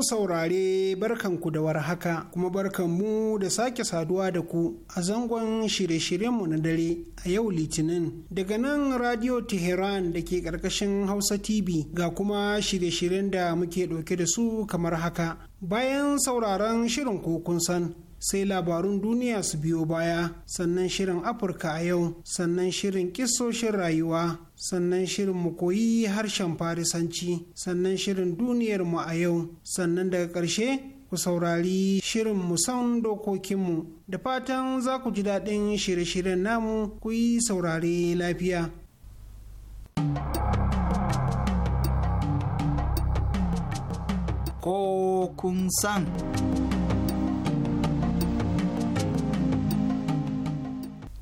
masu saurare barkanku da warhaka kuma barkanmu da sake saduwa da ku a zangon shirye-shiryenmu na dare a yau litinin daga nan radio tehran da ke karkashin Hausa TV ga kuma shirye-shiryen da muke ɗauke da su kamar haka bayan sauraron shirin kokun san sai labarun duniya su biyo baya sannan shirin afirka a yau sannan shirin kisoshin rayuwa sannan shirin mu koyi harshen farisanci sannan shirin duniyar mu a yau sannan daga ƙarshe ku saurari shirin musan dokokinmu da fatan za ku ji daɗin shirye-shiryen namu ku yi saurari lafiya ko kun san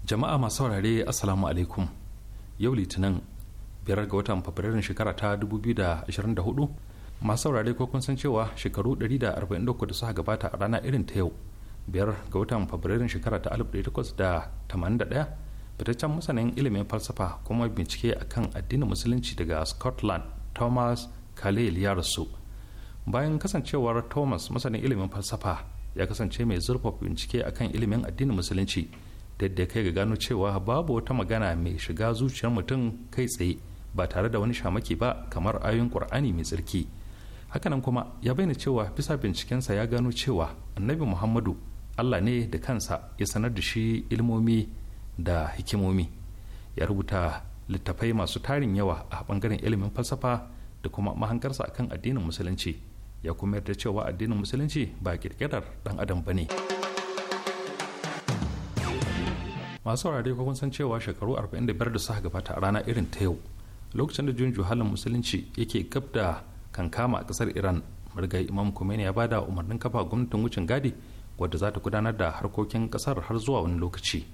jama'a masu saurare assalamu alaikum yau litinin biyar ga watan fabrairun shekara ta 2024 masu saurare ko kun san cewa shekaru 143 da suka gabata a rana irin ta yau biyar ga watan fabrairun shekara ta 1881 fitaccen masanin ilimin falsafa kuma bincike akan addinin musulunci daga scotland thomas khalil ya rasu bayan kasancewar thomas masanin ilimin falsafa ya kasance mai zurfafa bincike akan ilimin addinin musulunci da kai ga gano cewa babu wata magana mai shiga zuciyar mutum kai tsaye ba tare da wani shamaki ba kamar ayoyin qur'ani mai tsarki hakanan kuma ya bayyana cewa bisa bincikensa ya gano cewa annabi muhammadu allah ne da kansa ya sanar da shi ilmomi da hikimomi ya rubuta littafai masu tarin yawa a bangaren ilimin falsafa da kuma mahankarsa akan addinin musulunci ya kuma yarda cewa addinin musulunci ba kirkirar dan adam ba ne masu saurare kun san cewa shekaru 45 da suka gabata a rana irin ta yau lokacin da junju halin musulunci yake gab da kankama a kasar iran marigayi imam kumeni ya bada umarnin kafa gwamnatin wucin gadi wadda za ta gudanar da harkokin kasar har zuwa wani lokaci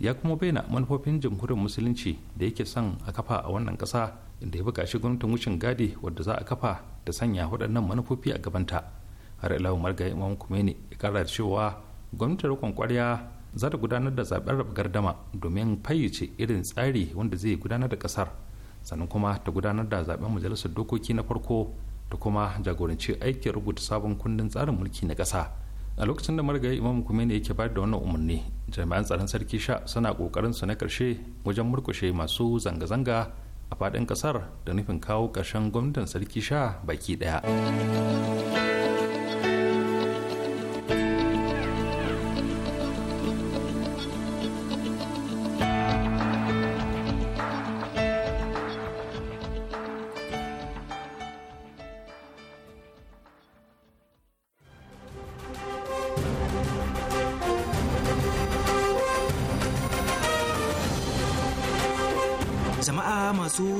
ya kuma bayyana manufofin jamhuriyar musulunci da yake son a kafa a wannan kasa inda ya buƙaci gwamnatin wucin gadi wadda za a kafa da sanya waɗannan manufofi a gabanta har ila umar imam kumeni ya kara cewa gwamnatin rikon kwarya za ta gudanar da zaben raba gardama domin fayyace irin tsari wanda zai gudanar da kasar sannan kuma ta gudanar da zaben majalisar dokoki na farko da kuma jagoranci aikin rubuta sabon kundin tsarin mulki na kasa a lokacin da marigayi imam kumene yake bayar da wannan umarni jami'an tsaron sarki sha suna kokarin su na karshe wajen murkushe masu zanga-zanga a faɗin kasar da nufin kawo ƙarshen gwamnatin sarki sha baki ɗaya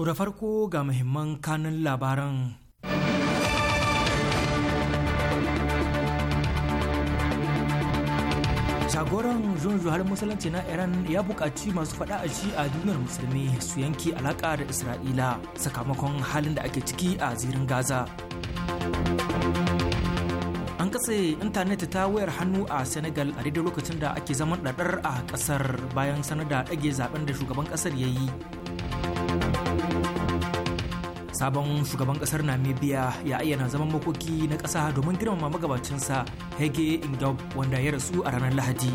To da farko ga muhimman kanun labaran. Jagoran zunzuhar musulunci na Iran ya buƙaci masu faɗa a shi a duniyar musulmi su yanke alaƙa da Isra'ila sakamakon halin da ake ciki a zirin Gaza. An kasa intanet ta wayar hannu a Senegal a daidai lokacin da ake zaman ɗaɗar a ƙasar bayan sanar da ɗage zaben da shugaban ƙasar ya yi sabon shugaban kasar namibia ya ayyana zaman makoki na kasa domin girmama magabacinsa hege ingob wanda ya rasu a ranar lahadi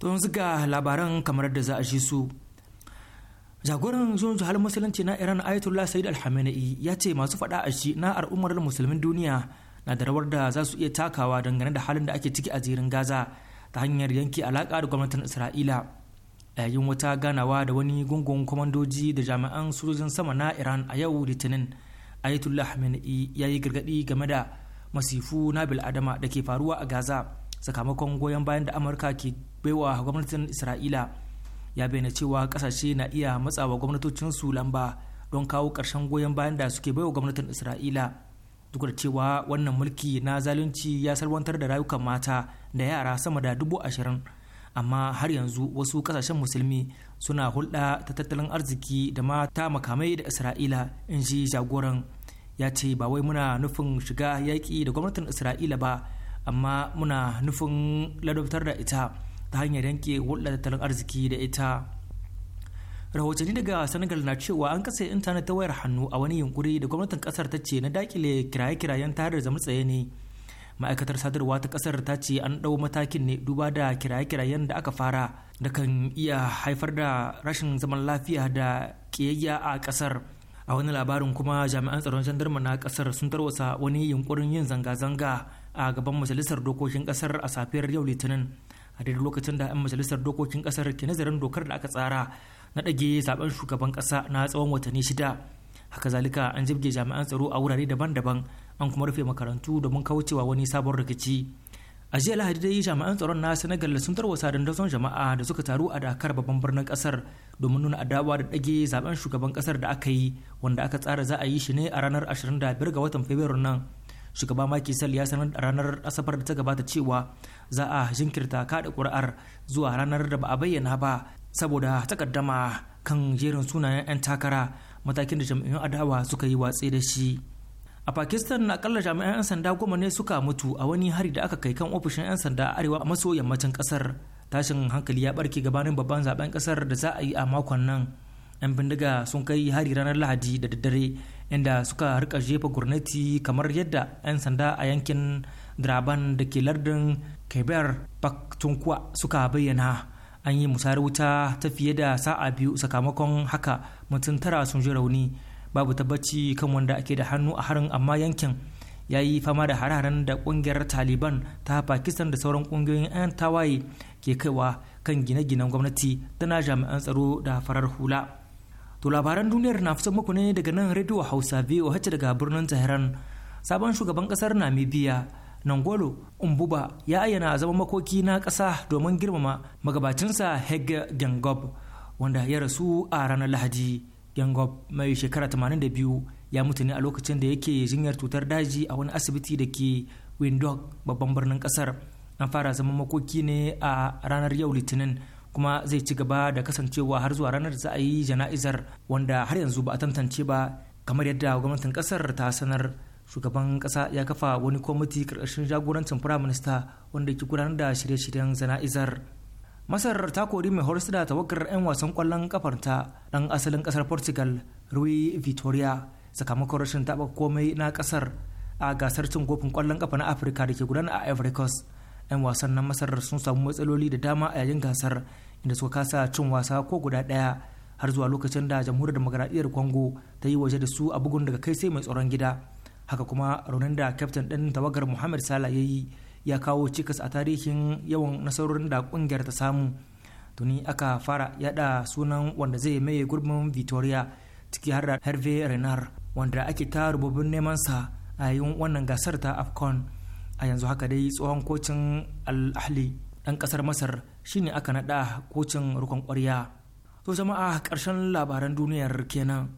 to yanzu ga labaran kamar da za a ji su jagoran zuwan halin musulunci na iran ayatollah sayyid alhamenei ya ce masu fada a shi na al'ummar musulmin duniya na da rawar da za su iya takawa dangane da halin da ake ciki a jirin gaza ta hanyar yanke alaƙa da gwamnatin isra'ila yayin wata ganawa da wani gungun kwamandoji da jami'an sojojin sama na iran a yau litinin ayatollah khamenei ya yi gargaɗi game da masifu na bil'adama da ke faruwa a gaza sakamakon goyon bayan da amurka ke baiwa gwamnatin isra'ila ya bayyana cewa kasashe na iya matsawa gwamnatocin su lamba don kawo ƙarshen goyon bayan da suke baiwa gwamnatin isra'ila duk da cewa wannan mulki na zalunci ya salwantar da rayukan mata da yara sama da dubu ashirin amma har yanzu wasu kasashen musulmi suna hulɗa ta tattalin arziki da mata makamai da isra'ila in ji jagoran ya ce ba wai muna nufin shiga yaƙi da gwamnatin isra'ila ba amma muna nufin ladabtar da ita ta hanyar yanke hulɗa tattalin arziki da ita rahotanni daga senegal na cewa an kasa intanet ta wayar hannu a wani yunkuri da gwamnatin kasar ta ce na dakile kiraye-kirayen tare da tsaye ne ma'aikatar sadarwa ta kasar ta ce an dau matakin ne duba da kiraye-kirayen da aka fara da kan iya haifar da rashin zaman lafiya da kiyayya a kasar a wani labarin kuma jami'an tsaron jandarma na kasar sun tarwasa wani yunkurin yin zanga-zanga a gaban majalisar dokokin kasar a safiyar yau litinin a daidai lokacin da 'yan majalisar dokokin kasar ke nazarin dokar da aka tsara na ɗage zaben shugaban kasa na tsawon watanni shida haka zalika an jibge jami'an tsaro a wurare daban-daban an kuma rufe makarantu domin kaucewa wani sabon rikici a jiya lahadi dai jami'an tsaron na senegal sun tarwa dandazon jama'a da suka taru a dakar babban birnin kasar domin nuna adawa da dage zaben shugaban kasar da aka yi wanda aka tsara za a yi shi ne a ranar 25 ga watan fabrairu nan shugaba Macky Sall ya sanar a ranar Asabar da ta gabata cewa za a jinkirta kada ƙuri'ar zuwa ranar da ba a bayyana ba saboda takaddama kan jerin sunayen 'yan takara matakin da jam'iyyun adawa suka yi watsi da shi. a pakistan na akalla jami'an 'yan sanda goma ne suka mutu a wani hari da aka kai kan ofishin 'yan sanda a arewa maso yammacin kasar tashin hankali ya barke gabanin babban zaben kasar da za a yi a makon nan 'yan bindiga sun kai hari ranar lahadi da daddare inda suka rika jefa gurnati kamar yadda 'yan sanda a yankin draban da ke lardin keber paktunkwa suka bayyana an yi musayar wuta ta fiye da sa'a biyu sakamakon haka mutum tara sun ji rauni babu tabbaci kan wanda ake da hannu a harin amma yankin ya yi fama da hararen da kungiyar taliban ta pakistan da sauran kungiyoyin 'yan tawaye ke kaiwa kan gine-ginen gwamnati tana jami'an tsaro da farar hula to labaran duniyar na fitan muku ne daga nan rediyo hausa voh daga birnin tehran sabon shugaban kasar namibia nangolo umbuba ya ayyana a zama makoki na kasa domin girmama magabacinsa hege gengob wanda ya rasu a ranar lahadi yangob mai shekara 82 ya mutu ne a lokacin da yake jinyar cutar daji a wani asibiti da ke Windhoek babban birnin kasar. An fara zama makoki ne a ranar yau Litinin kuma zai ci gaba da kasancewa har zuwa ranar za a yi jana'izar wanda har yanzu ba a tantance ba kamar yadda gwamnatin kasar ta sanar shugaban kasa ya kafa wani kwamiti karkashin jagorancin firaminista wanda ke gudanar da shirye-shiryen jana'izar masar ta kori mai horis da tawagar 'yan wasan kwallon kafarta dan asalin kasar portugal rui vitoria sakamakon rashin taɓa komai na kasar a gasar cin kofin kwallon kafa na afirka da ke gudana a ivory coast 'yan wasan na masar sun samu matsaloli da dama a yayin gasar inda suka kasa cin wasa ko guda ɗaya har zuwa lokacin da jamhuriyar demokradiyyar congo ta yi waje da su a bugun daga kai sai mai tsaron gida haka kuma raunin da kyaftin ɗin tawagar muhammad sala ya yi ya kawo cikas a tarihin yawan nasarorin da kungiyar ta samu tuni aka fara yada sunan wanda zai maye gurbin victoria ciki har da herve renard wanda ake ta rububin neman sa a yayin wannan gasar ta afcon a yanzu haka dai tsohon kocin al-ahli dan kasar masar shine aka nada kocin rukun kwarya to jama'a karshen labaran duniyar kenan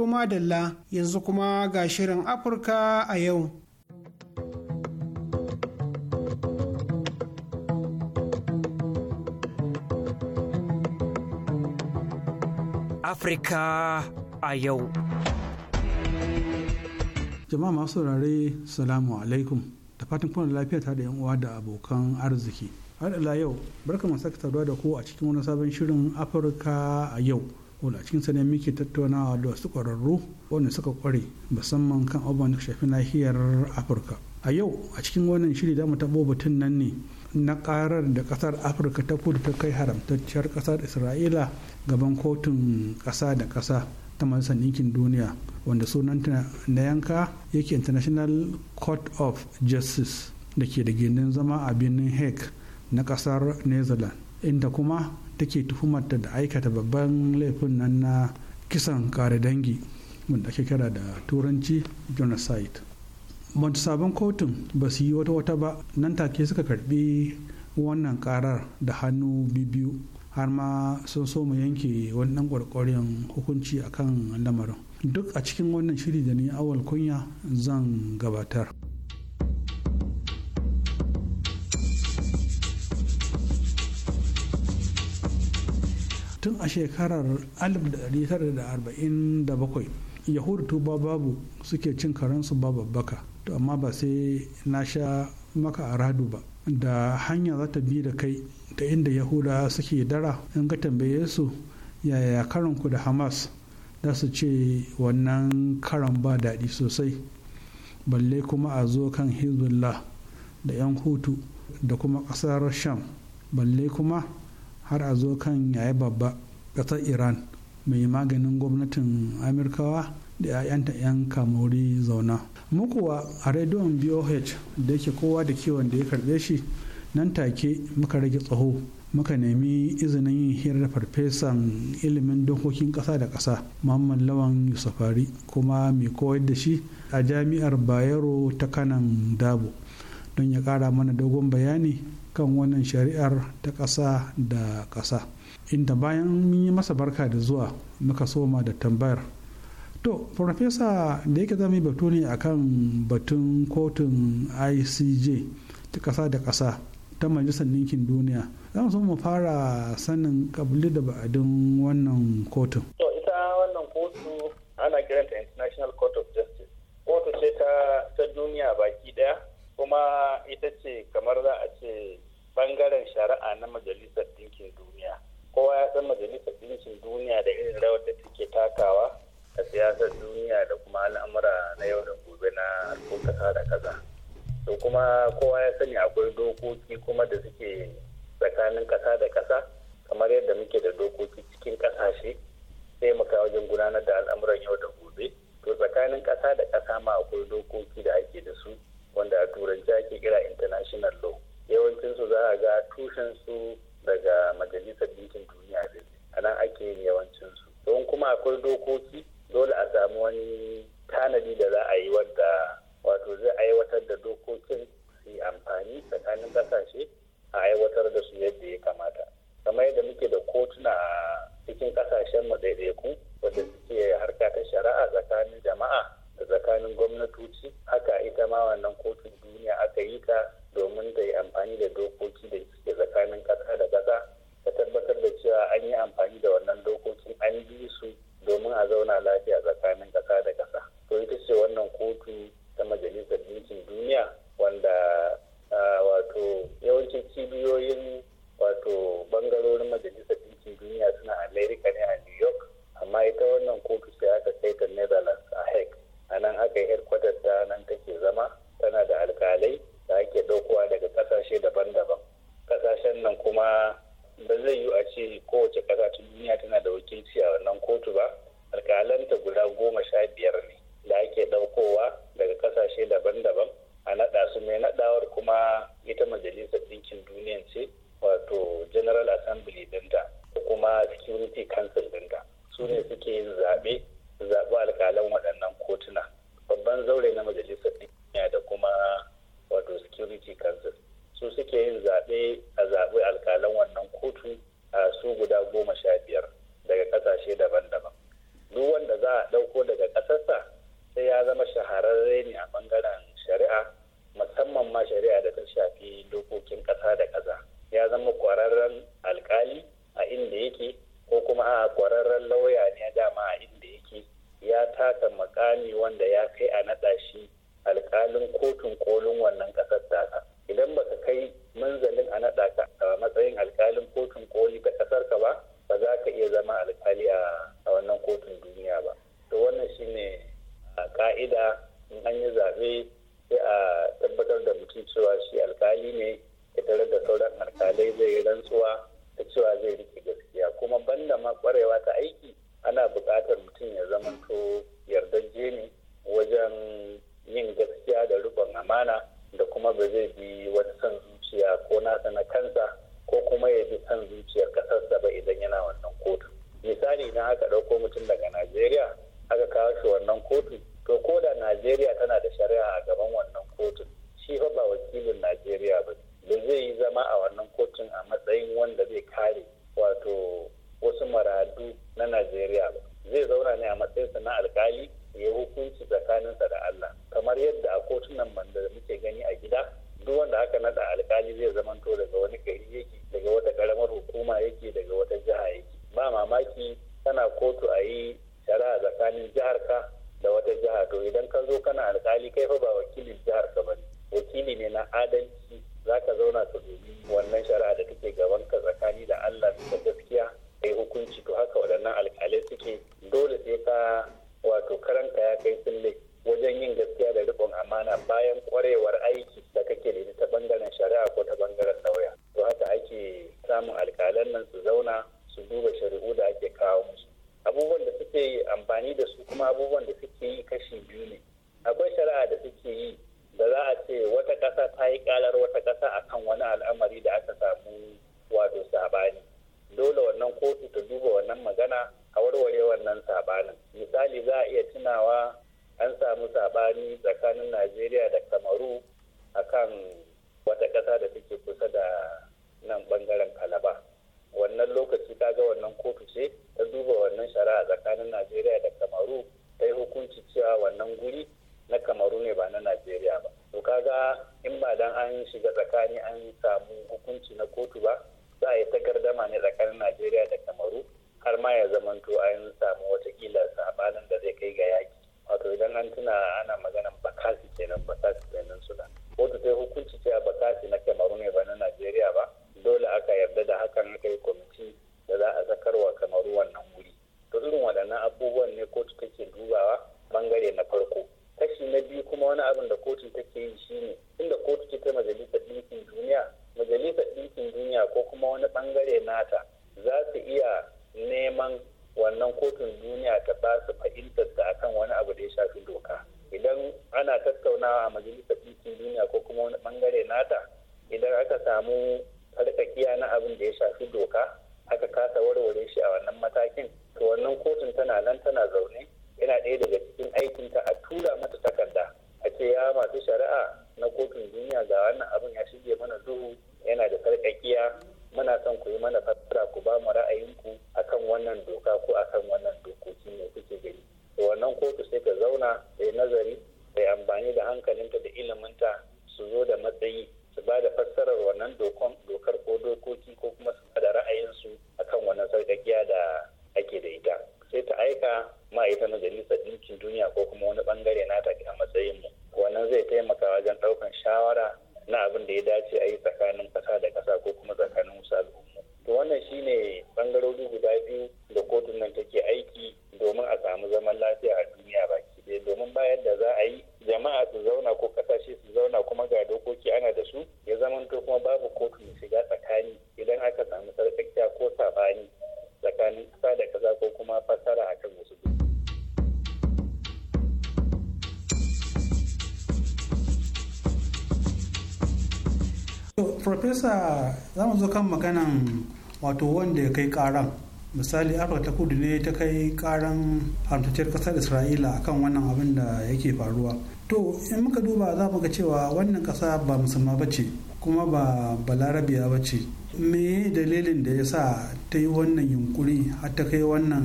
To dalla yanzu kuma ga shirin Afirka a yau. Afirka a yau. Jama'a masu saurare salamu alaikum da fatan kuna lafiya ta da uwa da abokan arziki. Har ila yau, barkamu saka taruwa da ku a cikin wani sabon shirin Afirka a yau. wanda a cikin ne muke tattaunawa da wasu ƙwararru wanda suka ƙware musamman kan abubuwan da shafi nahiyar afirka a yau a cikin wannan shiri da mu taɓo batun nan ne na ƙarar da ƙasar afirka ta kudu ta kai haramtacciyar ƙasar isra'ila gaban kotun ƙasa da ƙasa ta majalisar ɗinkin duniya wanda sunanta na yanka yake international court of justice da ke da ginin zama a birnin hague na ƙasar netherlands inda kuma take tuhumarta da aikata babban laifin nan na kisan kare dangi wanda ake kira da turanci genocide ban sabon kotun ba su yi wata wata ba nan take suka karbi wannan karar da hannu biyu har ma sun so mu yanke wannan kwarkwarin hukunci a kan lamarin duk a cikin wannan shiri da ni awal kunya zan gabatar. tun a shekarar 1947 yahudu tuba babu suke cin karensu babu baka to amma ba sai na sha maka a radu ba da hanya za ta bi da kai ta inda yahuda suke dara in ka tambaye su yaya karanku da hamas za su ce wannan karan ba daɗi sosai balle kuma a zo kan hezbollah da 'yan hutu da kuma ƙasar sham balle kuma har a zo kan yayi babba ƙasar iran mai maganin gwamnatin amurkawa da 'ya'yanta 'yan kamori zauna mukuwa a rediyon boh da yake kowa da kiwon da ya karbe shi nan take muka rage tsaho muka nemi izinin yin hirar farfesan ilimin dokokin kasa da kasa muhammad lawan yusufari kuma mai koyar da shi a jami'ar bayero ta kanan dabo don ya kara mana dogon bayani kan wannan shari'ar ta ƙasa da ƙasa inda bayan mun yi masa barka da zuwa muka soma da tambayar to farfesa da yake zama batu ne akan batun kotun icj ta ƙasa da ƙasa ta majalisar ninkin duniya za mu so mu fara sanin kabili da ba'adin wannan kotun to ita wannan kotu ana kiranta international court of justice kotu ce ta duniya baki daya kuma ita ce kamar za a ce bangaren shari'a na majalisar ɗinkin duniya kowa ya san majalisar ɗinkin duniya da irin rawar da take takawa a siyasar duniya da kuma al'amura na yau da gobe na kasa da kaza to kuma kowa ya sani akwai dokoki kuma da suke tsakanin kasa da kasa kamar yadda muke da dokoki cikin ƙasashe muka wajen gudanar da al'amuran yau da gobe to tsakanin kasa da kasa ma akwai dokoki da ake da su wanda a turanci ake kira international law yawancinsu za a ga tushen su daga majalisar dinkin duniya ne a nan ake yin yawancinsu don kuma akwai dokoki dole a samu wani tanadi da za a yi wadda wato zai aiwatar da dokokin su amfani tsakanin ƙasashe a aiwatar da su yadda ya kamata kamar yadda muke da kotuna a cikin ƙasashen mu ɗaiɗaiku wadda suke harka ta shari'a tsakanin jama'a tsakanin gwamnatoci haka ita ma wannan kotun duniya aka yi ta domin da amfani da dokoki da suke tsakanin ƙasa da Gracias. di sallama ne tsakanin najeriya da kamaru har ma ya zamanto an samu wata kila sabanin da zai kai ga yaki wato idan an tuna ana maganan bakasi kenan bakasi kenan suna kotu sai hukunci cewa bakasi na kamaru ne profesa za mu zo kan maganan wato wanda ya kai karan misali afirka ta kudu ne ta kai karan haramtacciyar kasar isra'ila akan wannan abin da yake faruwa to in muka duba za mu ga cewa wannan kasa ba musamman ba ce kuma ba balarabiya ba ce me dalilin da ya sa ta yi wannan yunkuri har ta kai wannan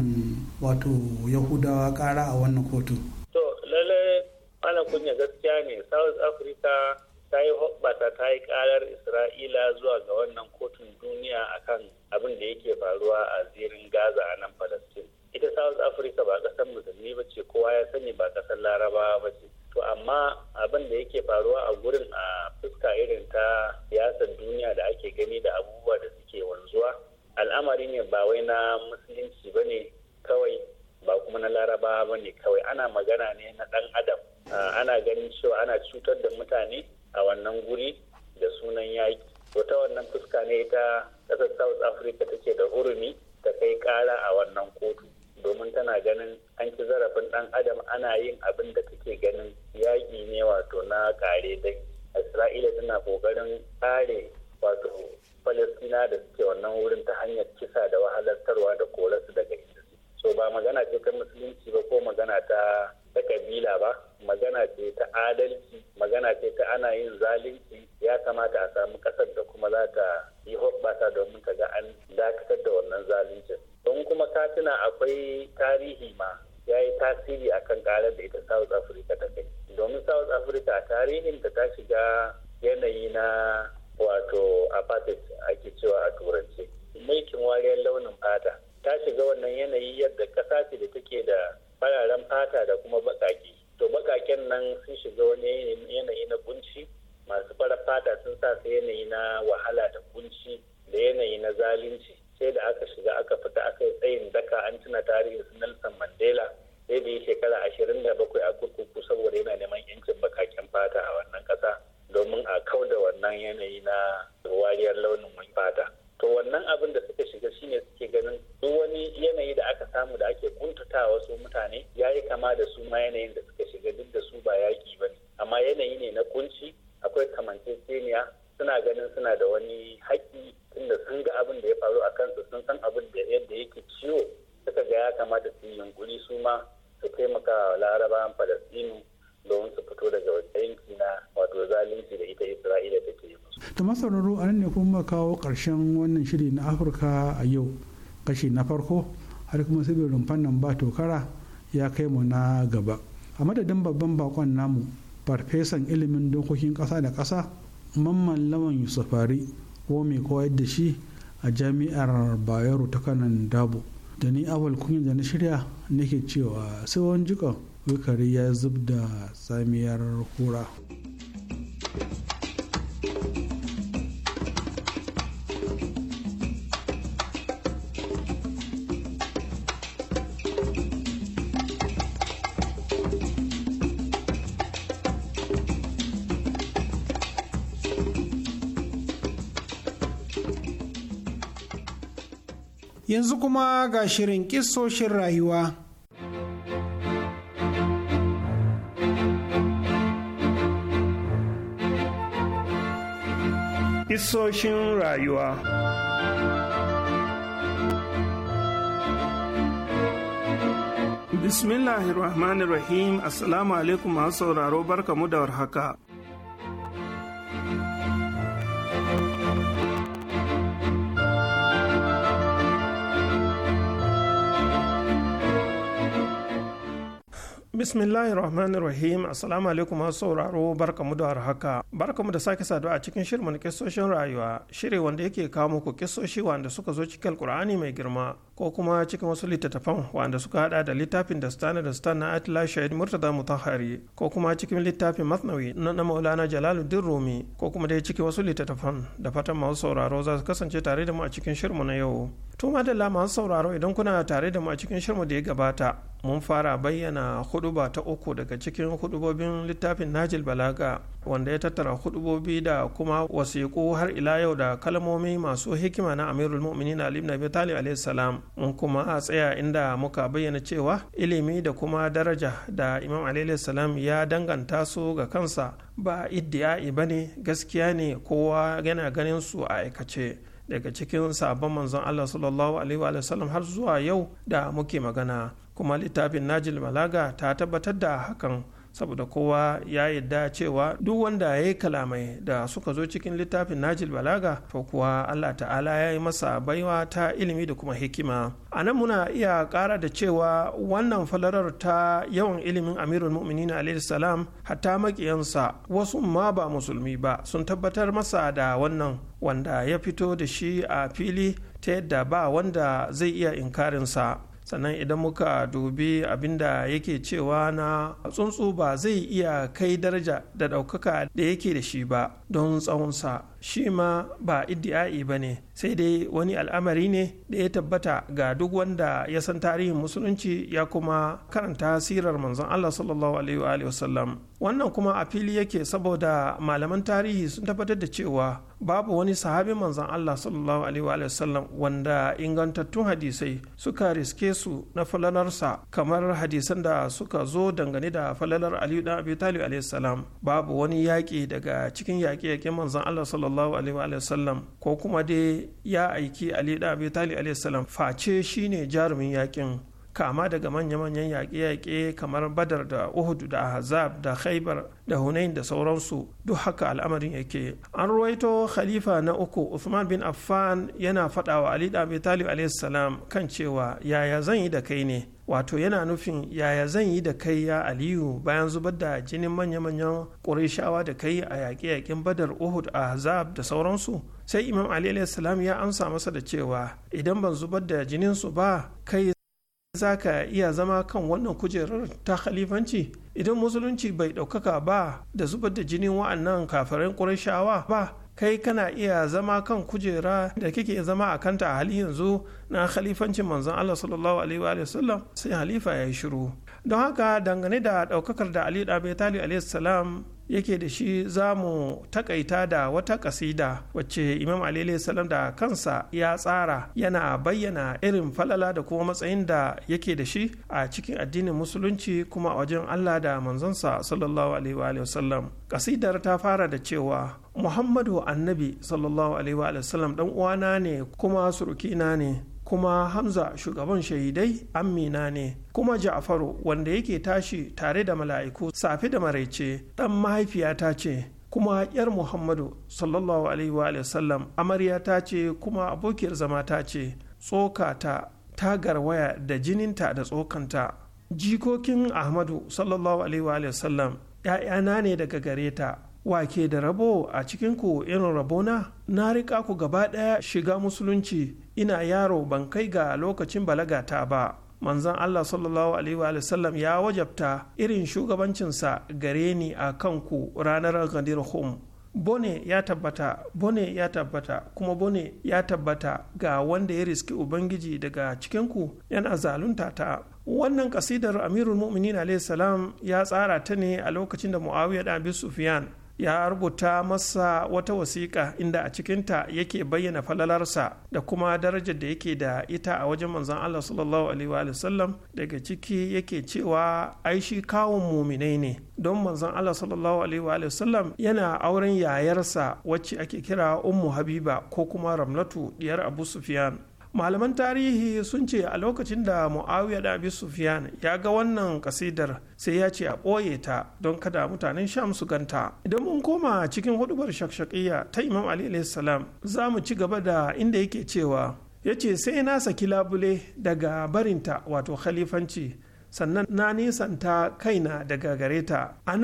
wato yahudawa kara a wannan kotu to lallai ana kunya gaskiya ne south africa ta yi hoɓɓata ta yi ƙarar isra'ila zuwa ga wannan kotun duniya a kan abin da yake faruwa a zirin gaza a nan palestine ita south africa ba ƙasar musulmi ba ce kowa ya sani ba ƙasar larabawa ba ce to amma abin da yake faruwa a gurin a fuska irin ta siyasar duniya da ake gani da abubuwa da suke wanzuwa al'amari ne ba wai na musulunci ba ne kawai ba kuma na larabawa ba ne kawai ana magana ne na ɗan adam ana ganin cewa ana cutar da mutane a wannan guri da sunan yaƙi wata ta wannan fuska ne ta ƙasar south africa take da hurumi ta kai ƙara a wannan kotu domin tana ganin an ci zarafin ɗan adam ana yin abin da take ganin yaƙi ne wato na ƙare dai isra'ila tana ƙoƙarin kare wato falastina da suke wannan wurin ta hanyar kisa da wahalartarwa da korarsu daga inda so ba magana ce ta musulunci ba ko magana ta ta kabila ba magana ce ta adalci magana ce ta ana yin zalunci ya kamata a samu kasar da kuma za ta yi hoɓɓasa domin ta ga an dakatar da wannan zaluncin don kuma katina akwai tarihi ma ya yi tasiri akan ƙarar da ita south africa ta kai domin south africa a tarihin ta shiga yanayi na wato apartheid ake cewa a Turanci. mulkin wariyar launin fata ta shiga wannan yanayi yadda kasashe ce da take da fararen fata da kuma bakaki to bakaken nan sun shiga wani yanayi na kunci masu farar fata sun sa su yanayi na wahala da kunci da yanayi na zalunci sai da aka shiga aka fita aka yi tsayin daka an tuna tarihin su Nelson Mandela sai da yi shekara ashirin da bakwai a kurkuku saboda yana neman yancin bakaken fata a wannan kasa domin a kauda wannan yanayi na wariyar launin fata. to wannan abin da suka shiga shine suke ganin duk wani yanayi da aka samu da ake kuntata wasu mutane ya yi kama da su ma yanayin da suka shiga duk da su ba yaƙi ba ne amma yanayi ne na kunci akwai kamanceceniya suna ganin suna da wani haƙƙi tunda sun ga abin da ya faru a kansu sun san abin da yadda yake ciwo suka ga ya kamata su yi yunkuri su ma su taimaka wa larabawan falastinu domin su fito daga yanki na wato zalunci da ita isra'ila ta yi musu. ta masararru a nan ne kuma kawo karshen wannan shiri na afirka a yau kashi na farko har kuma saboda rumfan nan ba tokara ya kai mu na gaba a madadin babban bakon namu farfesan ilimin dokokin ƙasa da ƙasa mamman lawan yusufari ko mai koyar da shi a jami'ar bayero ta kanan dabo da ni awal kunyan da na shirya nake cewa sai wani jikon wukari ya zub da samiyar kura. yanzu kuma ga shirin kisoshin rayuwa hissoshin rayuwa. Bismillahirrahmanirrahim Assalamu alaikum masu sauraro barkamu da warhaka. Bismillahirrahmanirrahim. Assalamu alaikum masu sauraro barka mu da haka. mu da sake saduwa a cikin shirin kisoshin rayuwa, shiri wanda yake kawo muku kisoshi wanda suka zo cikin Alkur'ani mai girma ko kuma cikin wasu littattafan wanda suka hada da littafin da stan da stan na atila shahid murtaza mutahari ko kuma cikin littafin masnawi na maulana jalaluddin rumi ko kuma dai cikin wasu littattafan da fatan masu sauraro za su kasance tare da mu a cikin shirmu na yau to madalla masu sauraro idan kuna tare da mu a cikin shirmu da ya gabata mun fara bayyana huduba ta uku daga cikin hudubobin littafin najil balaga wanda ya tattara hudubobi da kuma wasiƙu har ila yau da kalmomi masu hikima na amirul mu'minin ali ibn abi talib alayhi salam mun kuma a tsaya inda muka bayyana cewa ilimi da kuma daraja da imam alayhi salam ya danganta su ga kansa ba iddi'a'i ne gaskiya ne kowa yana ganin su a aikace daga cikin sabon manzon Allah sallallahu alaihi wa sallam har zuwa yau da muke magana kuma littafin Najil malaga ta tabbatar da hakan saboda kowa ya yadda cewa duk wanda ya yi kalamai da suka zo cikin littafin najil balaga to kuwa allah ta'ala ya yi masa baiwa ta ilimi da kuma hikima a nan muna iya ƙara da cewa wannan falarar ta yawan ilimin amirul mu'minin alaihi salam hatta makiyansa wasu ma ba musulmi ba sun tabbatar masa da wannan wanda ya fito da shi a fili ta yadda ba wanda zai iya inkarinsa sannan idan muka dubi abinda yake cewa na tsuntsu ba zai iya kai daraja da ɗaukaka da yake da shi ba don tsawonsa shi ma ba iddi'ai ba ne sai dai wani al'amari ne da ya tabbata ga duk wanda ya san tarihin musulunci ya kuma karanta sirar manzon Allah sallallahu alaihi wasallam wannan kuma a fili yake saboda malaman tarihi sun tabbatar da cewa babu wani sahabi manzon Allah sallallahu alaihi wasallam wanda ingantattun hadisai suka riske su na falalarsa kamar hadisan da suka zo dangane da falalar Aliyu dan Abi Talib alaihi salam babu wani yaƙi daga cikin yaki yaƙen manzon Allah sallallahu sallallahu alaihi wa sallam ko kuma dai ya aiki ali da abi talib alaihi salam face shine jarumin yakin kama daga manya-manyan yaƙe-yaƙe kamar badar da uhud da ahzab da khaibar da hunain da sauransu duk haka al'amarin yake an ruwaito khalifa na uku usman bin affan yana faɗawa wa ali da abi talib salam kan cewa yaya zan yi da kai ne wato yana nufin yaya zan yi da kai ya aliyu bayan zubar da jinin manya-manyan ƙurishawa da kai a yaƙe-yaƙen badar uhud ahzab da sauransu sai imam ali salam ya amsa masa da cewa idan ban zubar da jininsu ba kai za ka iya zama kan wannan kujerar ta khalifanci idan musulunci bai ɗaukaka ba da zubar da jinin wa'annan kafirin ƙurashawa ba kai kana iya zama kan kujera da kake zama a kanta a hali yanzu na khalifancin manzon Allah sallallahu alaihi wa sallam sai halifa ya yi shiru don haka dangane da ɗaukakar da Ali Abi Talib alaihi salam yake da shi za mu takaita da wata kasida wacce imam ali salam da kansa ya tsara yana bayyana irin falala da kuma matsayin da yake da shi a cikin addinin musulunci kuma a wajen allah da manzonsa sallallahu alaihi sallam. kasidar ta fara da cewa muhammadu annabi sallallahu alaihi sallam. dan uwana ne kuma surukina ne kuma hamza shugaban shahidai amina ne kuma ja'faru wanda yake tashi tare da mala'iku safi da maraice ɗan mahaifiyata ce kuma yar muhammadu sallallahu alaihi wa sallam amarya ta ce kuma abokiyar zama ta ce tsokata ta garwaya da jininta da tsokanta jikokin ahmadu sallallahu alaihi wa sallam ‘ya'yana ne daga gare ta wake da rabo a cikinku irin rabona na riƙa ku gaba ɗaya shiga musulunci ina yaro ban kai ga lokacin balagata ba manzon Allah sallallahu alaihi wa sallam ya wajabta irin shugabancinsa gare ni a kanku ranar gandir Hum bone ya tabbata bone ya tabbata kuma bone ya tabbata ga wanda ya riski ubangiji daga cikinku yana zalunta ta wannan kasidar amirul mu'minin salam ya tsara ta ne a lokacin da muawiya da abi ya rubuta masa wata wasiƙa inda a cikinta yake bayyana falalarsa da kuma darajar da yake da ita a wajen manzon Allah sallallahu alaihi wa daga ciki yake cewa ai shi kawun muminai ne don manzon Allah sallallahu alaihi wa yana auren yayarsa wacce ake kira ummu habiba ko kuma ramlatu diyar abu sufyan malaman tarihi sun ce a lokacin da muawiya da abi sufyan ya ga wannan kasidar sai ya ce a ɓoye ta don kada mutanen sham su ganta idan mun koma cikin hudubar shakshakiya ta imam ali salam za mu ci gaba da inda yake cewa ya ce sai na saki labule daga barinta wato khalifanci sannan na nisanta kaina daga gare ta a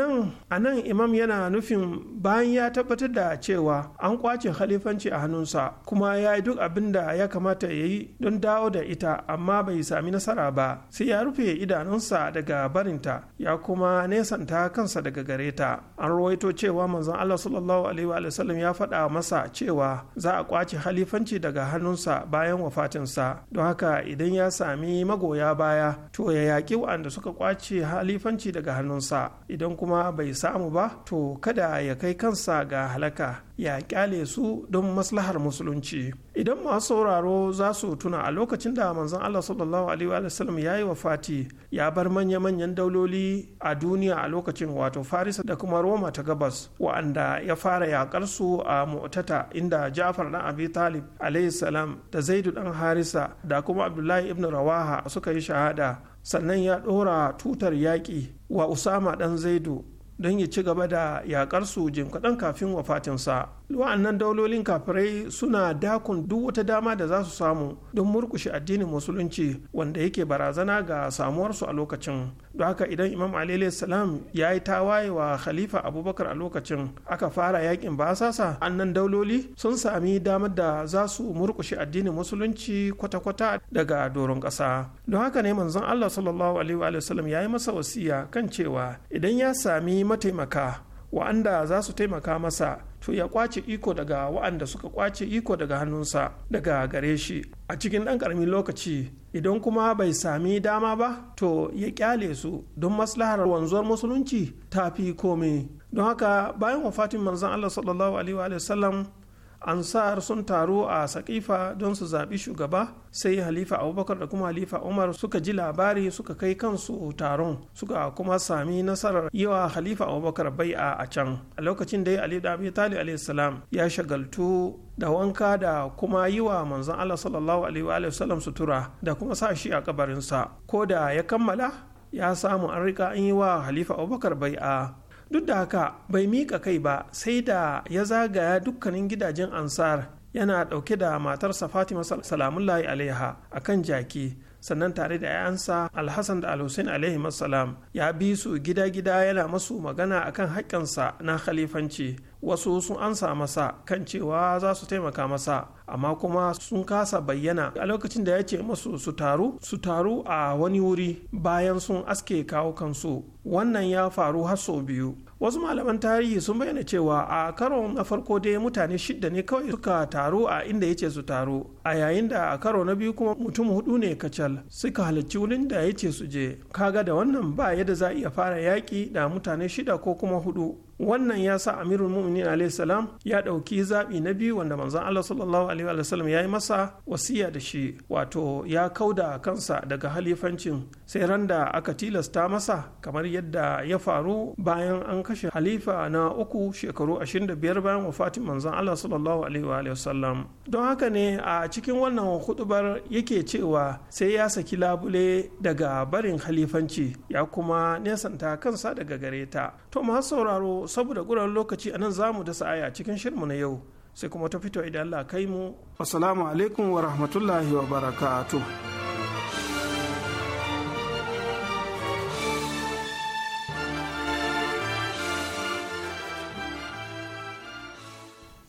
nan imam yana nufin bayan ya tabbatar da cewa an kwace khalifanci a hannunsa kuma ya yi duk abin da ya kamata ya yi don dawo da ita amma bai sami nasara ba sai ya rufe idanunsa daga barinta ya kuma nesanta kansa daga gare ta an rawaito cewa manzon Allah sallallahu alaihi wa sallam ya faɗa masa cewa za a kwace halifanci daga hannunsa bayan wafatinsa don haka idan ya sami magoya baya to ya yaƙi wa'anda suka kwace halifanci daga hannunsa idan kuma bai samu ba to kada ya kai kansa ga halaka ya kyale su don maslahar musulunci idan masu sauraro za su tuna a lokacin da manzon Allah sallallahu alaihi wa sallam ya yi wafati ya bar manya-manyan dauloli a duniya a lokacin wato Faris da kuma Roma ta gabas wa'anda ya fara yakar su a Mu'tata inda Ja'far dan Abi Talib alaihi salam da Zaidu dan Harisa da kuma Abdullahi ibn Rawaha suka yi shahada sannan ya ɗora tutar yaƙi wa usama ɗan zaidu don ya ci gaba da yaƙar su jim kaɗan kafin wafatinsa wa'annan daulolin kafirai suna dakon duk wata dama da za su samu don murkushe addinin musulunci wanda yake barazana ga samuwarsu a lokacin don haka idan imam alayhi salam ya yi tawaye khalifa abubakar a lokacin aka fara yakin basasa annan dauloli sun sami damar da za su murkushe addinin musulunci kwata-kwata daga doron ƙasa don haka ne manzon allah sallallahu alaihi wa ya yi masa wasiya kan cewa idan ya sami mataimaka wa'anda za su taimaka masa to ya kwace iko daga wa'anda suka kwace iko daga hannunsa daga gare shi a cikin ɗan ƙaramin lokaci idan kuma bai sami dama ba to ya ƙyale su don maslahar wanzuwar musulunci ta fi komai don haka bayan wafatin manzon Allah sallallahu alaihi wa sallam ansar sun taru a sakifa don su zaɓi shugaba sai halifa abubakar da kuma halifa umar suka ji labari suka kai kansu taron suka kuma sami nasarar yi halifa abubakar bai'a a can a lokacin da ali da talib salam ya shagaltu da wanka da kuma yi wa manzon allah sallallahu alaihi wa sallam sutura da kuma sa shi a kabarinsa ko da ya kammala ya samu an rika an yi wa halifa abubakar bai'a duk da haka bai mika kai ba sai da ya zagaya dukkanin gidajen ansar yana dauke da matarsa fatima salamullahi alaiha a kan jaki sannan tare da 'ya'yansa alhassan da alhussein alaihi salam ya bi su gida-gida yana masu magana akan haƙƙinsa na khalifanci wasu sun ansa masa kan cewa za su taimaka masa amma kuma sun kasa bayyana a lokacin da ya ce masu su taru su taru a wani wuri bayan sun aske kawo kansu wannan ya faru har sau biyu wasu malaman tarihi sun bayyana cewa a karon na farko dai mutane shidda ne kawai suka taru a inda ya ce su taru a yayin da a karo na biyu kuma mutum hudu ne kacal suka halarci wurin da ya ce su je kaga da wannan ba yadda za a iya fara yaƙi da mutane shida ko kuma hudu wannan ya sa amirul mu'minin alayhi salam ya ɗauki zaɓi na biyu wanda manzon Allah sallallahu alaihi wa sallam ya yi masa wasiya da shi wato ya kauda kansa daga halifancin sai ran da aka tilasta masa kamar yadda ya faru bayan an kashe halifa na uku shekaru 25 bayan wafatin manzon Allah sallallahu alaihi wa sallam don haka ne a cikin wannan hudubar yake cewa sai ya saki labule daga barin halifanci ya kuma nesanta kansa daga gare ta to masu sauraro saboda guran lokaci a nan zamu da sa'aya cikin shirmu na yau sai kuma ta fito idan Allah kai mu assalamu alaikum wa rahmatullahi wa barakatuh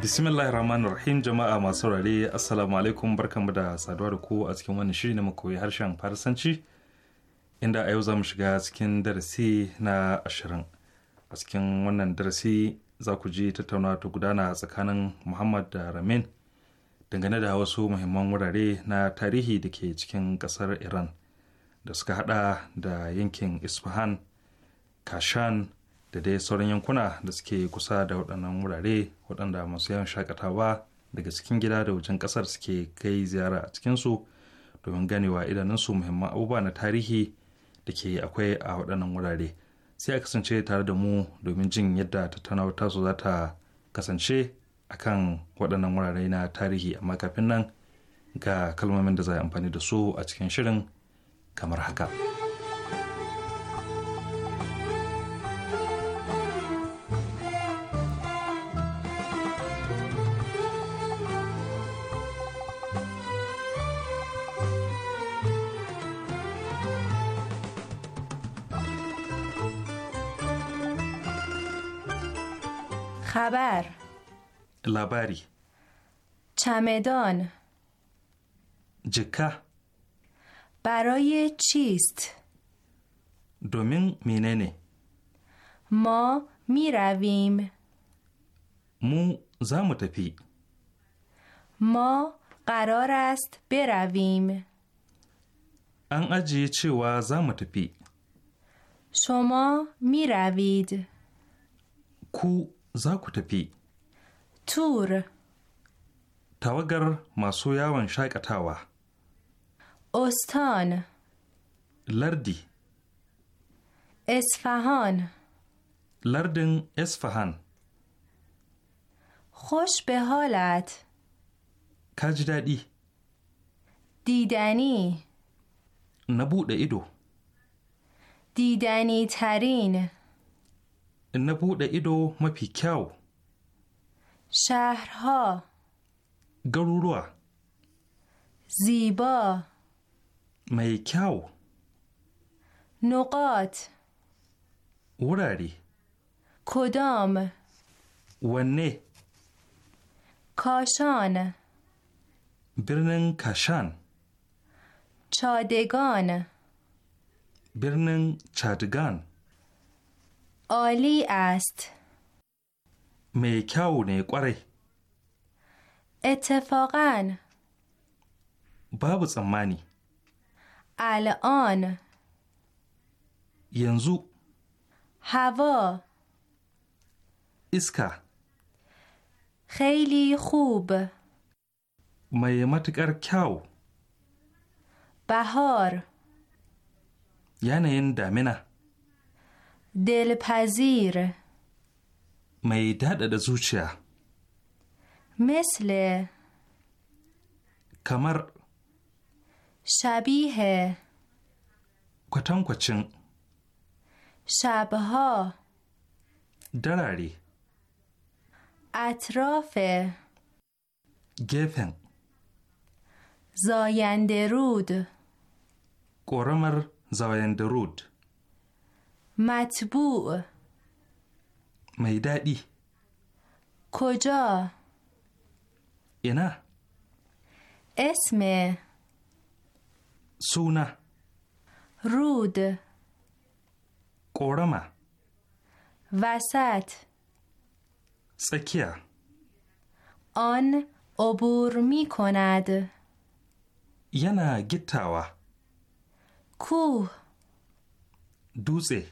bismillahir rahmanir rahim jama'a masu saurare assalamu alaikum barkanmu da saduwa da ku a cikin wannan shiri na makoyi harshen farsanci inda a yau za mu shiga cikin darasi na ashirin a cikin wannan darasi za ku ji tattaunawa ta gudana tsakanin muhammad da ramin dangane da wasu muhimman wurare na tarihi da ke cikin kasar iran da suka hada da yankin isfahan kashan da dai sauran yankuna da suke kusa da waɗannan wurare waɗanda masu yawan shakatawa daga cikin gida da wajen ƙasar suke kai ziyara a cikinsu domin ganewa idanunsu muhimman abubuwa na tarihi da ke akwai a waɗannan wurare sai a kasance tare da mu domin jin yadda tattaunawar tasu za ta kasance a kan waɗannan wurare na tarihi amma kafin nan ga kalmomin da za a amfani da su a cikin shirin kamar haka. لبری چمدان جکه برای چیست؟ دومین میننه ما می رویم مو زمو تپی ما قرار است برویم ان اجیه و زمو تپی شما می روید کو زاکو تپی tur tawagar masu yawon shakatawa. Ostan Lardi Esfahan Lardin Esfahan خوش به حالت کج دادی دیدنی نبود ایدو دیدنی ترین نبود ایدو مپی کیاو شهرها گرورو زیبا میکاو نقاط وراری کدام ونه کاشان برنن کاشان چادگان برنن چادگان عالی است می کیاو نه قره اتفاقا بابو تسمانی الان ینزو هوا اسکا خیلی خوب می متکر کیاو بهار یعنی دامنه دلپذیر mai daɗa da zuciya. misle Kamar. Shabihe. Kwatankwacin. Shabaho. Darari. Atrofe. Gefen. Zoyanderud. Ƙoramar Zoyanderud. Matbu'u. میدادی کجا اینا اسم سونا رود قرمه وسط سکیا آن عبور می کند ینا گتاوا کوه دوزه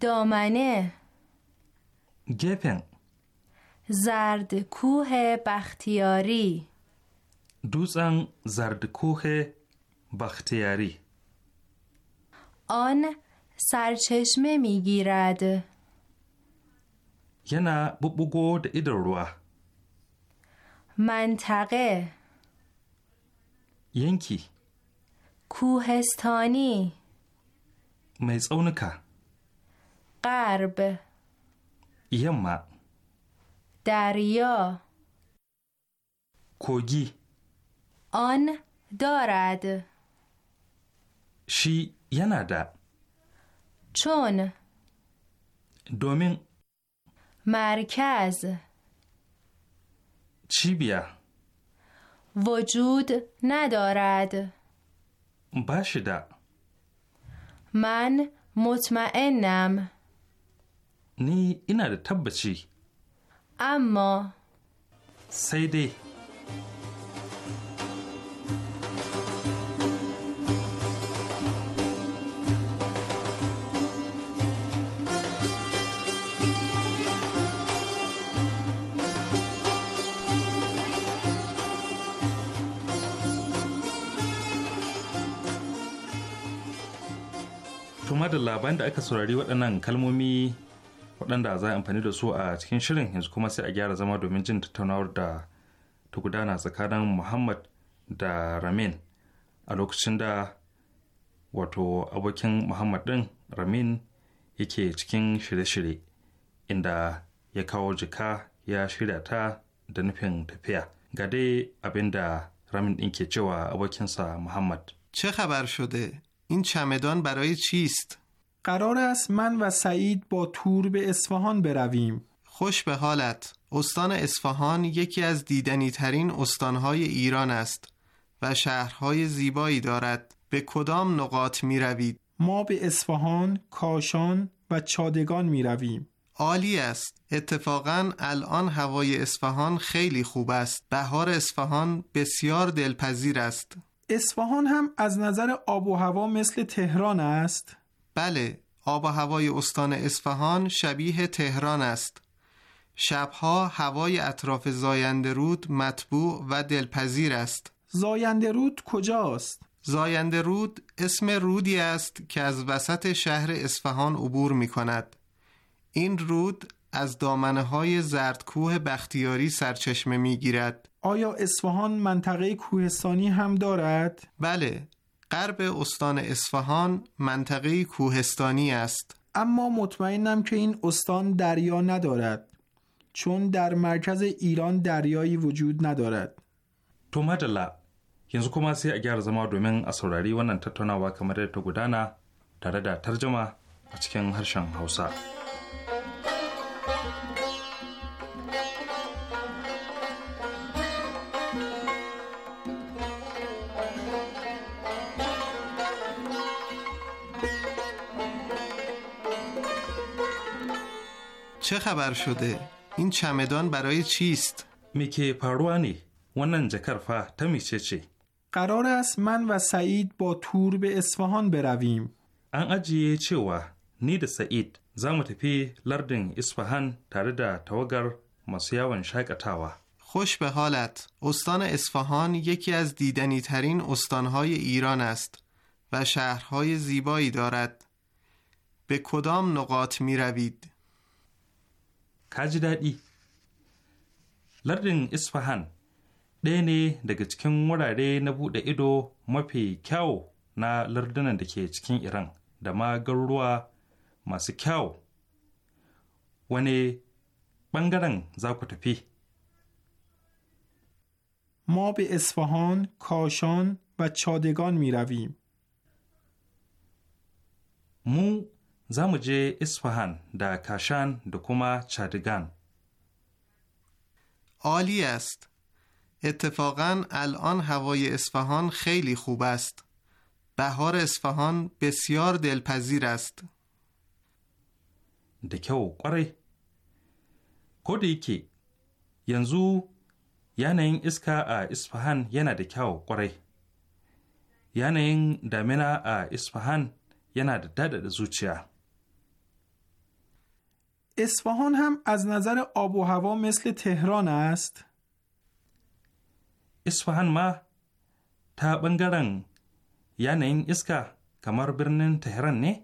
دامنه گپن کوه بختیاری دوزن کوه بختیاری آن سرچشمه میگیرد ینا نه د ایدروا منطقه ینکی کوهستانی میزونکا غرب یما دریا کوگی آن دارد شی یندا چون دومین مرکز چی بیا وجود ندارد باشده من مطمئنم ni ina da tabbaci. amma. sai dai. kuma da labaran da aka saurari waɗannan kalmomi waɗanda za a amfani da su a cikin shirin yanzu kuma sai a gyara zama domin jin tattaunawar da ta gudana tsakanin muhammad da ramin a lokacin da wato abokin muhammad ɗin ramin yake cikin shirye-shirye inda ya kawo jika ya shirya ta da nufin tafiya ga dai abin da ramin ɗin ke cewa abokinsa muhammad چه خبر شده؟ این چمدان برای چیست؟ قرار است من و سعید با تور به اصفهان برویم خوش به حالت استان اصفهان یکی از دیدنی ترین استانهای ایران است و شهرهای زیبایی دارد به کدام نقاط می روید؟ ما به اصفهان، کاشان و چادگان می رویم عالی است اتفاقا الان هوای اصفهان خیلی خوب است بهار اصفهان بسیار دلپذیر است اصفهان هم از نظر آب و هوا مثل تهران است بله آب و هوای استان اصفهان شبیه تهران است شبها هوای اطراف زاینده رود مطبوع و دلپذیر است زاینده رود کجاست؟ زاینده رود اسم رودی است که از وسط شهر اصفهان عبور می کند این رود از دامنه های زردکوه بختیاری سرچشمه می گیرد آیا اصفهان منطقه کوهستانی هم دارد؟ بله غرب استان اصفهان منطقه کوهستانی است اما مطمئنم که این استان دریا ندارد چون در مرکز ایران دریایی وجود ندارد تو مجله ینزو کما سی اگر زما دومین اسراری ونن تتونا وا کمر تو گدانا تردا ترجمه اچکن هرشان هاوسا چه خبر شده؟ این چمدان برای چیست؟ میکی پاروانی ونن جکرفه تمیشه چی؟ قرار است من و سعید با تور به اصفهان برویم. ان اجیه چه؟ نید نید سعید زمت پی لردن اصفهان تاره دا مسیا masu yawon خوش به حالت استان اصفهان یکی از دیدنی ترین استانهای ایران است و شهرهای زیبایی دارد به کدام نقاط می روید؟ ka ji daɗi lardin isfahan ɗaya ne daga cikin wurare na buɗe ido mafi kyau na lardunan da ke cikin iran da ma garuruwa masu kyau wane ɓangaren za ku tafi ما به اصفهان، کاشان و چادگان می za اصفهان در کاشان da Kashan عالی است. اتفاقا الان هوای اصفهان خیلی خوب است. بهار اصفهان بسیار دلپذیر است. دکه قره. کدی که ینزو یعنی این اسکا ا اصفهان یه نه دکه او قره. یعنی ا اصفهان یه نه اصفهان هم از نظر آب و هوا مثل تهران است؟ اصفهان ما تا بنگرن یعنی این اسکا کمر برنن تهران نه؟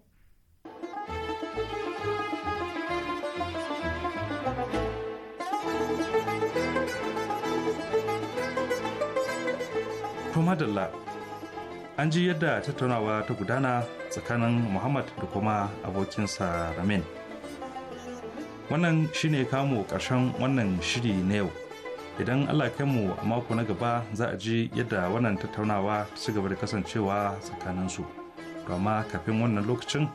madalla an ji yadda tattaunawa ta gudana tsakanin muhammad da kuma abokinsa ramin wannan shine kamo karshen wannan shiri na yau idan allah kai mu a mako na gaba za a ji yadda wannan tattaunawa ta gaba da kasancewa tsakaninsu to amma kafin wannan lokacin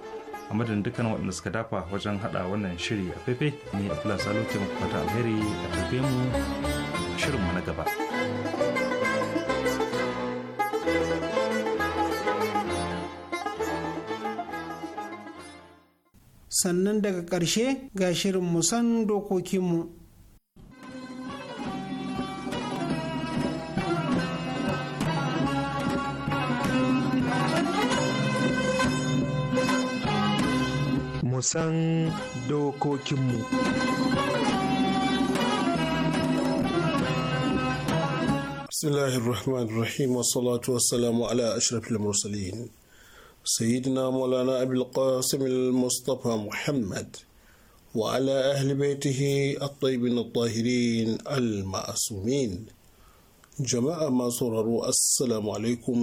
a madadin dukkan waɗanda suka dafa wajen haɗa wannan shiri a faifai ne a fulasa lokacin kwata alheri a tafiye mu shirinmu na gaba. sannan daga ƙarshe ga shirin musan dokokinmu musan dokokinmu. Bismillahirrahmanirrahim wasu salatu wasu salamu ala ashirafil mursalin. سيدنا مولانا أبي القاسم المصطفى محمد وعلى أهل بيته الطيبين الطاهرين المعصومين جماعة ما سرروا السلام عليكم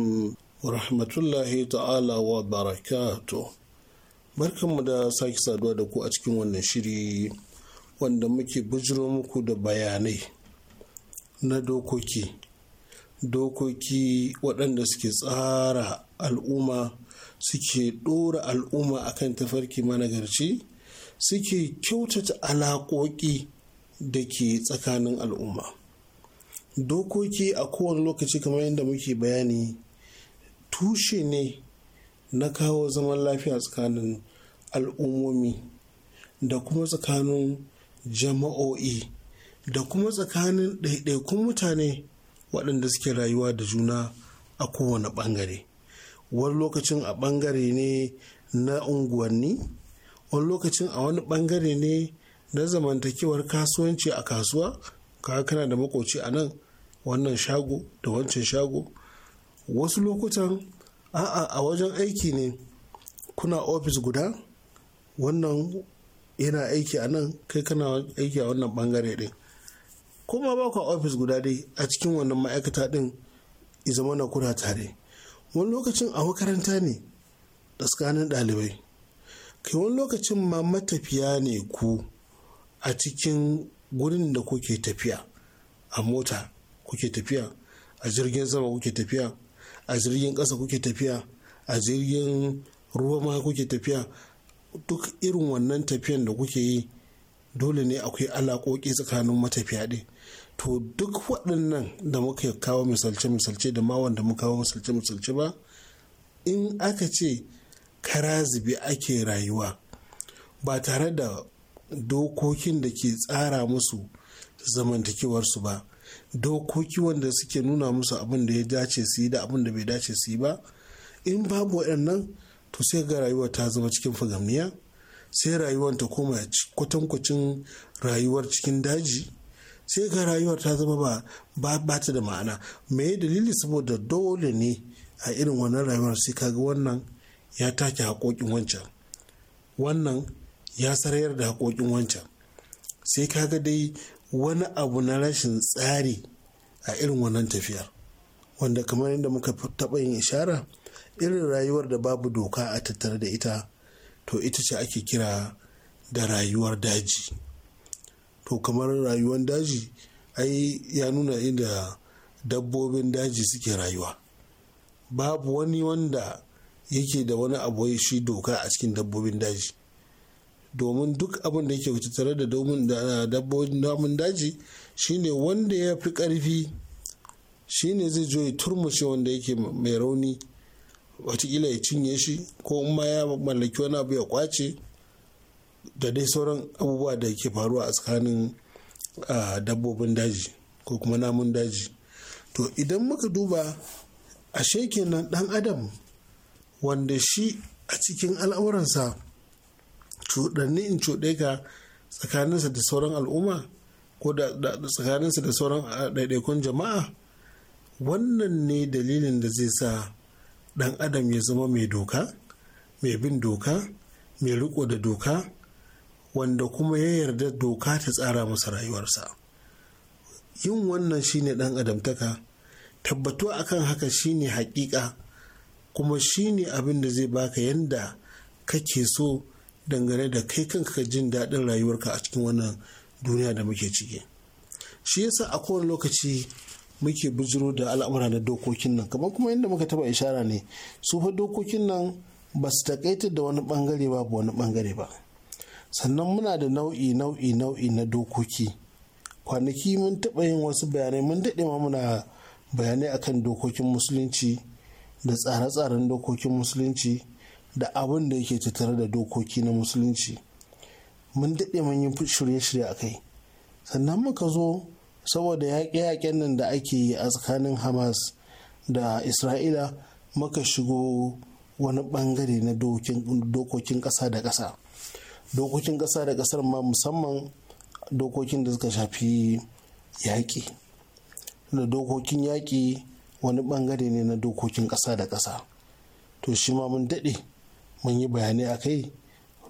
ورحمة الله تعالى وبركاته barkanmu da sake saduwa da ku a cikin wannan shiri wanda muke bujiro muku da bayanai na dokoki dokoki waɗanda suke tsara al'umma suke ɗora al'umma a kan tafarki managarci suke kyautata alaƙoƙi da ke tsakanin al'umma dokoki a kowane lokaci kamar yadda muke bayani tushe ne na kawo zaman lafiya tsakanin al'ummomi da kuma tsakanin jama'o'i da kuma tsakanin ɗaiɗaikun mutane waɗanda suke rayuwa da juna a kowane ɓangare. wani lokacin a bangare ne na unguwanni wani lokacin a wani bangare ne na zamantakewar kasuwanci a kasuwa ka kana da makoci a nan wannan shago da wancan shago wasu lokutan a'a a wajen aiki ne kuna ofis guda wannan yana aiki a nan kai kana aiki a wannan bangare ɗin. kuma ba ku ofis guda dai a cikin wannan ma'aikata din izama na kuna tare wani lokacin a makaranta ne tsakanin ɗalibai kai wani lokacin ma matafiya ne ku a cikin gurin da kuke tafiya a mota kuke tafiya a jirgin sama kuke tafiya a jirgin ƙasa kuke tafiya a jirgin ruwa ma kuke tafiya duk irin wannan tafiyan da kuke yi dole ne akwai alaƙoƙi tsakanin matafiya ɗin to duk waɗannan da muka kawo misalce-misalce da ma wanda muka kawo misalce-misalce ba in aka ce karazibi ake rayuwa ba tare da dokokin da ke tsara musu zamantakewarsu ba dokoki wanda suke nuna musu abin da ya dace su yi da abin da bai dace su yi ba in babu waɗannan to sai ga rayuwa ta zama cikin fagamniya sai rayuwar ta koma kwatankwacin rayuwar cikin daji sai ga rayuwar ta zama ba ba ta da ma'ana me dalili saboda dole ne a irin wannan rayuwar sai kaga wannan ya take haƙoƙin wancan wannan ya sarayar da haƙoƙin wancan sai kaga dai wani abu na rashin tsari a irin wannan tafiyar wanda kamar yadda muka taɓa yin ishara irin rayuwar da babu doka a tattare da ita to ita ce ake kira da rayuwar daji to kamar rayuwar daji ai ya nuna inda dabbobin daji suke rayuwa babu wani wanda yake da wani abu shi doka a cikin dabbobin daji domin duk abin da yake tare da dabbobin namun daji shine wanda ya fi karfi shine zai zo ya turmushe wanda yake mai rauni watakila ya cinye shi ko ma ya mallaki wani abu ya kwace da dai sauran abubuwa da ke faruwa a tsakanin dabbobin daji ko kuma namun daji to idan muka duba ashe kenan dan adam wanda shi a cikin al'auransa cuɗanni in cuɗe ka tsakaninsa da sauran al'umma ko da tsakaninsa da sauran ɗaiɗaikun jama'a wannan ne dalilin da zai sa ɗan adam ya zama mai doka mai bin doka mai riko da doka wanda kuma ya yarda doka ta tsara masa rayuwarsa yin wannan shine dan adamtaka tabbatuwa akan haka shine hakika kuma shine abin da zai baka yanda kake so dangane da kai kanka ka jin daɗin rayuwarka a cikin wannan duniya da muke ciki shi yasa a kowane lokaci muke bujiro da al'amura na dokokin nan kamar kuma yadda muka taba ishara ne su fa dokokin nan ba su takaita da wani bangare ba wani bangare ba sannan muna da nau'i nau'i nau'i na dokoki kwanaki mun taɓa yin wasu bayanai mun daɗe ma muna bayanai akan dokokin musulunci da tsare-tsaren dokokin musulunci da abin da yake tattare da dokoki na musulunci mun daɗe mun yi shirye-shirye a kai sannan muka zo saboda yaƙe-yaƙen nan da ake yi a tsakanin hamas da isra'ila muka shigo wani ɓangare na dokokin ƙasa da ƙasa dokokin ƙasa da ƙasar ma musamman dokokin da suka shafi yaƙi da dokokin yaƙi wani ɓangare ne na dokokin ƙasa da ƙasa to shi ma mun daɗe mun yi bayanai a kai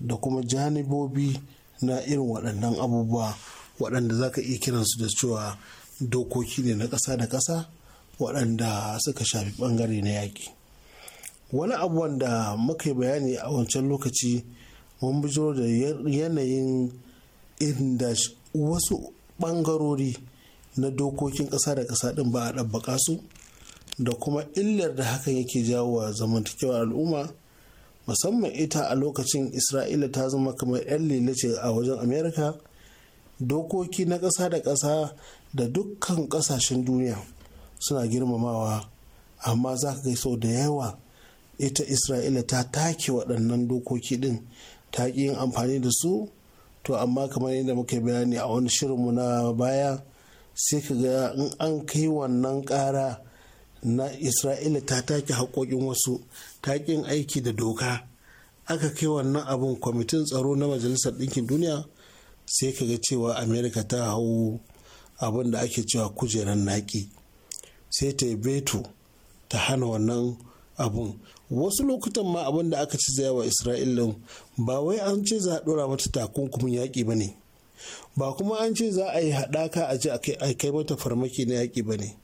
da kuma janibobi na irin waɗannan abubuwa waɗanda za ka iya kiransu da cewa dokoki ne na ƙasa da ƙasa waɗanda suka shafi ɓangare na yaƙi wani abu wanda muka yi bayani a wancan lokaci mun bijiro da yanayin inda wasu bangarori na dokokin kasa da kasa ɗin ba a ɗabbaka su da kuma illar da hakan yake jawo wa zamantakewar al'umma musamman ita a lokacin isra'ila ta zama kamar 'yan lilace a wajen amerika dokoki na ƙasa da ƙasa da dukkan ƙasashen duniya suna girmamawa amma za ka gaiso da yawa ita isra'ila ta take waɗannan dokoki ɗin ta ƙi yin amfani da su to amma kamar yadda muka bayani a wani shirinmu na baya sai ka ga in an kai wannan ƙara na isra'ila ta take haƙoƙin wasu ta ƙin aiki da doka aka kai wannan abin kwamitin tsaro na majalisar ɗinkin duniya sai ka ga cewa amerika ta hau abin da ake cewa kujerar naƙi sai ta yi beto ta hana wannan abun wasu lokutan ma abin da aka ci wa isra'ila ba wai an ce za a ɗora mata takunkumin yaƙi ba ne ba kuma an ce za a yi haɗaka a ce a kai mata farmaki na yaƙi ba ne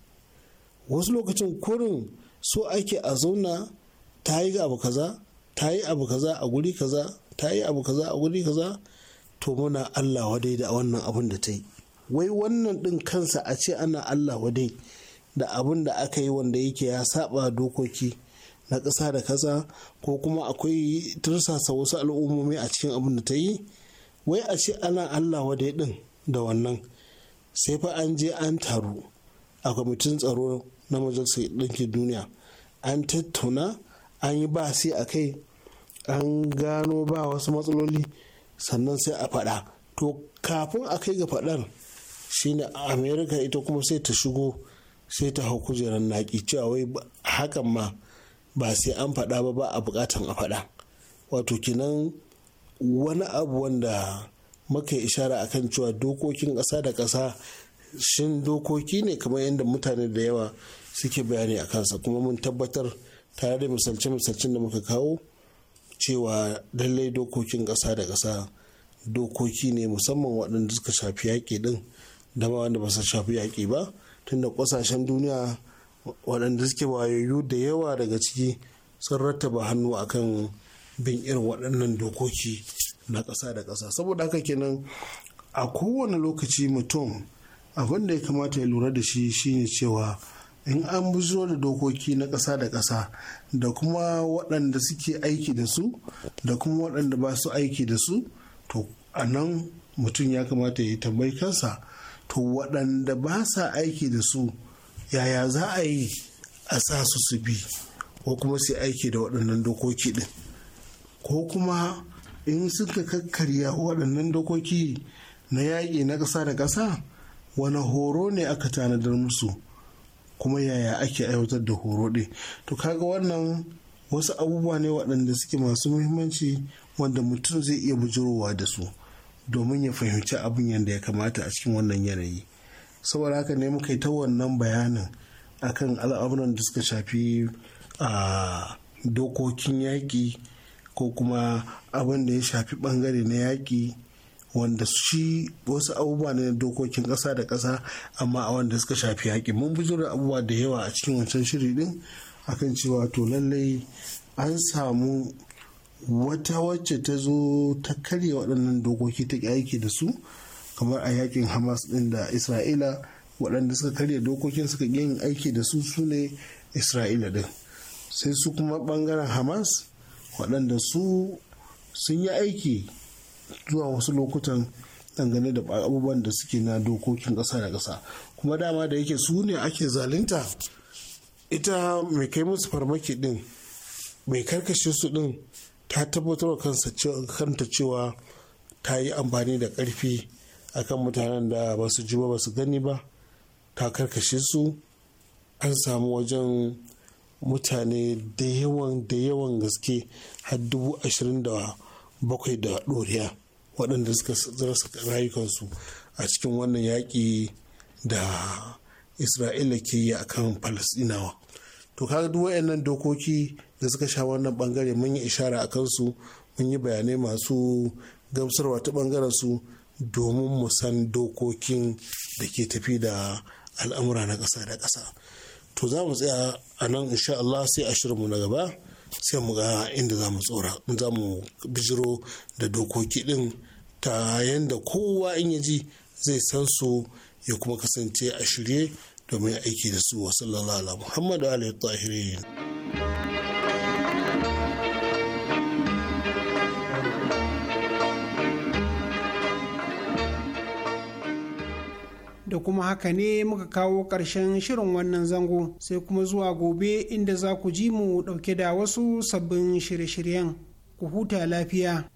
wasu lokacin kurin so ake a zauna ta yi abu kaza ta yi abu kaza a guri kaza ta yi abu kaza a guri kaza to muna allah wadai da wannan abin da ta yi wai wannan ɗin kansa a ce ana allah wadai da abin da aka yi wanda yake ya saba dokoki na ƙasa da kaza ko kuma akwai tursasa wasu al'ummomi a cikin abin da ta yi wai a ce ana allah dai ɗin da wannan sai fa an je an taru a kwamitin tsaro na majalisar ɗinkin duniya an tattauna an yi basi a kai an gano ba wasu matsaloli sannan sai a faɗa to kafin a kai ga faɗar shine amerika ita kuma sai ta shigo sai ta hau kujerar naƙi cewa wai hakan ma ba sai an faɗa ba ba a buƙatan a faɗa wato kinan wani abu wanda muka ishara a kan cewa dokokin ƙasa da ƙasa shin dokoki ne kamar yadda mutane da yawa suke bayani a kansa kuma mun tabbatar tare da misalce-misalcen da muka kawo cewa lallai dokokin ƙasa da ƙasa dokoki ne musamman waɗanda suka shafi yaƙi ɗin da ba wanda ba su shafi yaƙi ba tunda ƙasashen duniya waɗanda suke wayoyu da yawa daga ciki sun rattaba hannu akan bin irin waɗannan dokoki na ƙasa da ƙasa saboda haka kenan a kowane lokaci mutum abin da ya kamata ya lura da shi shine cewa in an buzo da dokoki na ƙasa da ƙasa da kuma waɗanda suke aiki da su da kuma waɗanda ba su aiki da su to a nan mutum ya kamata ya tambayi kansa to waɗanda ba sa aiki da su yaya za a yi a sa su su bi ko kuma su aiki da waɗannan dokoki ɗin ko kuma in suka kakkarya waɗannan dokoki na yaƙi na ƙasa da ƙasa wani horo ne aka tanadar musu kuma yaya ake aiwatar da horo ɗin to kaga wannan wasu abubuwa ne waɗanda suke masu muhimmanci wanda mutum zai iya bujurowa da su domin ya fahimci abin yadda ya kamata a cikin wannan yanayi saboda haka ne muka yi ta wannan bayanin akan al'amuran da suka shafi a dokokin yaƙi ko kuma abin da ya shafi ɓangare na yaƙi wanda shi wasu abubuwa ne na dokokin ƙasa da ƙasa amma a wanda suka shafi yaƙi mun da abubuwa da yawa a cikin wancan shiri din akan cewa to lallai an samu wata wacce ta zo ta karya waɗannan dokoki ta aiki da su kamar a yakin hamas din da isra'ila waɗanda suka karya dokokin suka yin aiki da su su ne isra'ila din sai su kuma ɓangaren hamas waɗanda su sun yi aiki zuwa wasu lokutan dangane da abubuwan da suke na dokokin ƙasa da ƙasa kuma dama da yake su ne ake zalunta ita mai kai musu farmaki din mai karkashe su din ta tabbatar kanta cewa ta yi amfani da ƙarfi akan mutanen da ba su ji ba ba su gani ba ta karkashe su an samu wajen mutane da yawan da yawan gaske har dubu ashirin da bakwai da ɗoriya waɗanda suka rasa rayukansu a cikin wannan yaƙi da isra'ila ke yi a kan falasɗinawa to kaga duk wayannan dokoki da suka sha wannan bangare mun yi ishara a kansu mun yi bayanai masu gamsarwa ta bangaren su domin mu san dokokin da ke tafi da al'amura na ƙasa da ƙasa to za mu tsaya a nan insha Allah sai a shirin mu na gaba sai mu ga inda za mu tsora za mu bijiro da dokoki ɗin ta yanda kowa in ya ji zai san su ya kuma kasance a shirye domin aiki da su wasu lalala muhammadu alaihi tahirin da kuma haka ne muka kawo ƙarshen shirin wannan zango sai kuma zuwa gobe inda za ku ji mu ɗauke da wasu sabbin shirye-shiryen ku huta lafiya